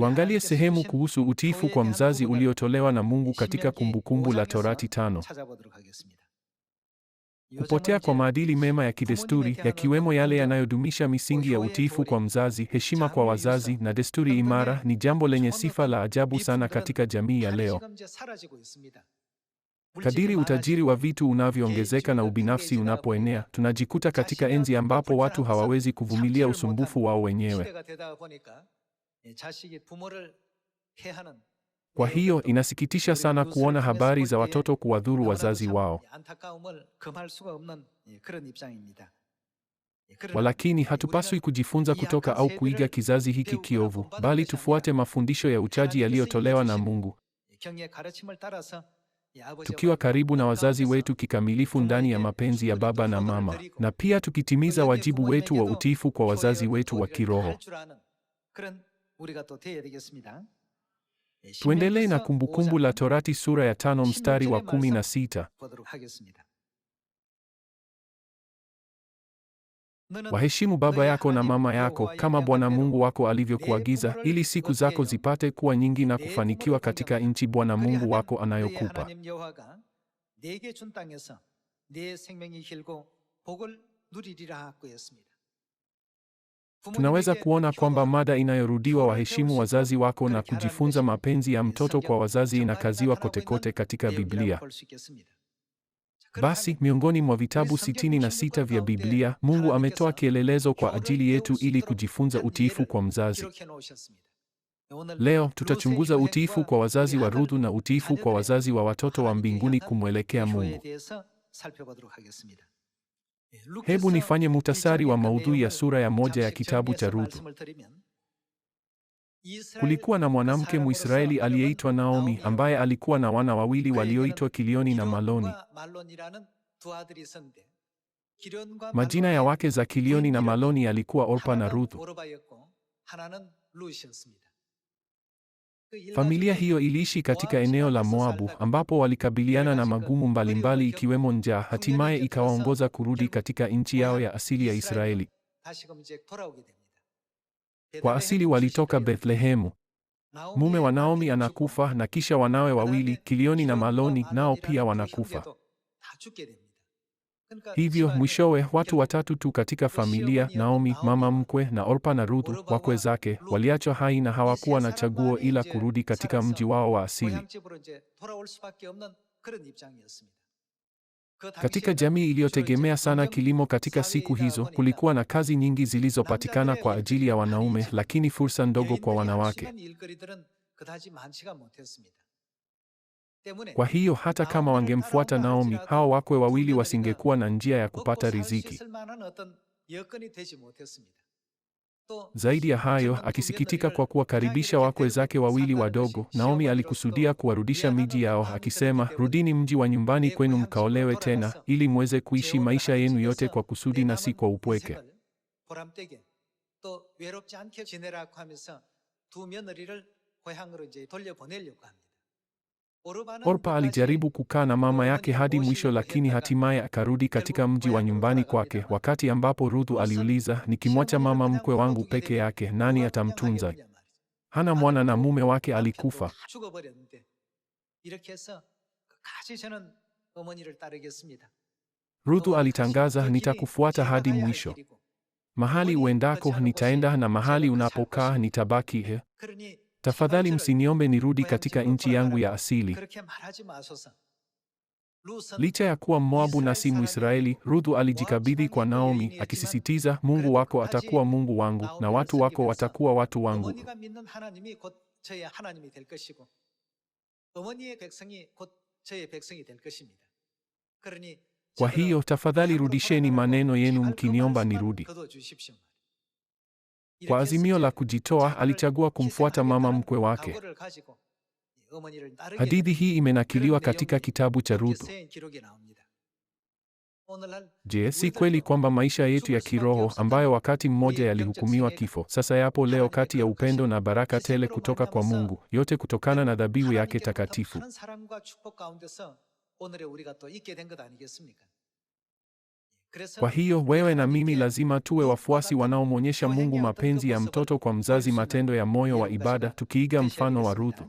Tuangalie sehemu kuhusu utiifu kwa mzazi uliotolewa na Mungu katika Kumbukumbu la Torati tano. Kupotea kwa maadili mema ya kidesturi yakiwemo yale yanayodumisha misingi ya utiifu kwa mzazi, heshima kwa wazazi na desturi imara ni jambo lenye sifa la ajabu sana katika jamii ya leo. Kadiri utajiri wa vitu unavyoongezeka na ubinafsi unapoenea, tunajikuta katika enzi ambapo watu hawawezi kuvumilia usumbufu wao wenyewe. Kwa hiyo inasikitisha sana kuona habari za watoto kuwadhuru wazazi wao. Walakini hatupaswi kujifunza kutoka au kuiga kizazi hiki kiovu, bali tufuate mafundisho ya uchaji yaliyotolewa na Mungu, tukiwa karibu na wazazi wetu kikamilifu ndani ya mapenzi ya Baba na Mama, na pia tukitimiza wajibu wetu wa utiifu kwa wazazi wetu wa kiroho. Tuendelee na Kumbukumbu la Torati sura ya tano mstari wa kumi na sita. Waheshimu baba yako na mama yako kama Bwana Mungu wako alivyokuagiza, ili siku zako zipate kuwa nyingi na kufanikiwa katika nchi Bwana Mungu wako anayokupa. Tunaweza kuona kwamba mada inayorudiwa waheshimu wazazi wako na kujifunza mapenzi ya mtoto kwa wazazi inakaziwa kote kote katika Biblia. Basi miongoni mwa vitabu sitini na sita vya Biblia, Mungu ametoa kielelezo kwa ajili yetu ili kujifunza utiifu kwa mzazi. Leo tutachunguza utiifu kwa wazazi wa Ruthu na utiifu kwa wazazi wa watoto wa mbinguni kumwelekea Mungu. Hebu nifanye muhtasari wa maudhui ya sura ya moja ya kitabu cha rudhu Kulikuwa na mwanamke Mwisraeli aliyeitwa Naomi ambaye alikuwa na wana wawili walioitwa Kilioni na Maloni. Majina ya wake za Kilioni na Maloni yalikuwa Orpa na Ruthu. Familia hiyo iliishi katika eneo la Moabu ambapo walikabiliana na magumu mbalimbali ikiwemo njaa, hatimaye ikawaongoza kurudi katika nchi yao ya asili ya Israeli. Kwa asili walitoka Bethlehemu. Mume wa Naomi anakufa na kisha wanawe wawili, Kilioni na Maloni, nao pia wanakufa. Hivyo mwishowe watu watatu tu katika familia, Naomi mama mkwe, na Orpa na Ruthu wakwe zake, waliachwa hai na hawakuwa na chaguo ila kurudi katika mji wao wa asili. Katika jamii iliyotegemea sana kilimo katika siku hizo, kulikuwa na kazi nyingi zilizopatikana kwa ajili ya wanaume, lakini fursa ndogo kwa wanawake. Kwa hiyo hata kama wangemfuata Naomi, hao wakwe wawili wasingekuwa na njia ya kupata riziki. Zaidi ya hayo, akisikitika kwa kuwakaribisha wakwe zake wawili wadogo, Naomi alikusudia kuwarudisha miji yao, akisema, rudini mji wa nyumbani kwenu mkaolewe tena, ili muweze kuishi maisha yenu yote kwa kusudi na si kwa upweke. Orpa alijaribu kukaa na mama yake hadi mwisho, lakini hatimaye akarudi katika mji wa nyumbani kwake, wakati ambapo Ruthu aliuliza, nikimwacha mama mkwe wangu peke yake, nani atamtunza? Hana mwana na mume wake alikufa. Ruthu alitangaza, nitakufuata hadi mwisho, mahali uendako nitaenda na mahali unapokaa nitabaki. Tafadhali msiniombe nirudi katika nchi yangu ya asili. Licha ya kuwa moabu na si Mwisraeli, Ruthu alijikabidhi kwa Naomi akisisitiza, Mungu wako atakuwa Mungu wangu na watu wako watakuwa watu wangu. Kwa hiyo tafadhali rudisheni maneno yenu mkiniomba nirudi. Kwa azimio la kujitoa, alichagua kumfuata mama mkwe wake. Hadithi hii imenakiliwa katika kitabu cha Ruthu. Je, si kweli kwamba maisha yetu ya kiroho ambayo wakati mmoja yalihukumiwa kifo, sasa yapo leo kati ya upendo na baraka tele kutoka kwa Mungu, yote kutokana na dhabihu yake takatifu? Kwa hiyo wewe na mimi lazima tuwe wafuasi wanaomwonyesha Mungu mapenzi ya mtoto kwa mzazi, matendo ya moyo wa ibada, tukiiga mfano wa Ruthu.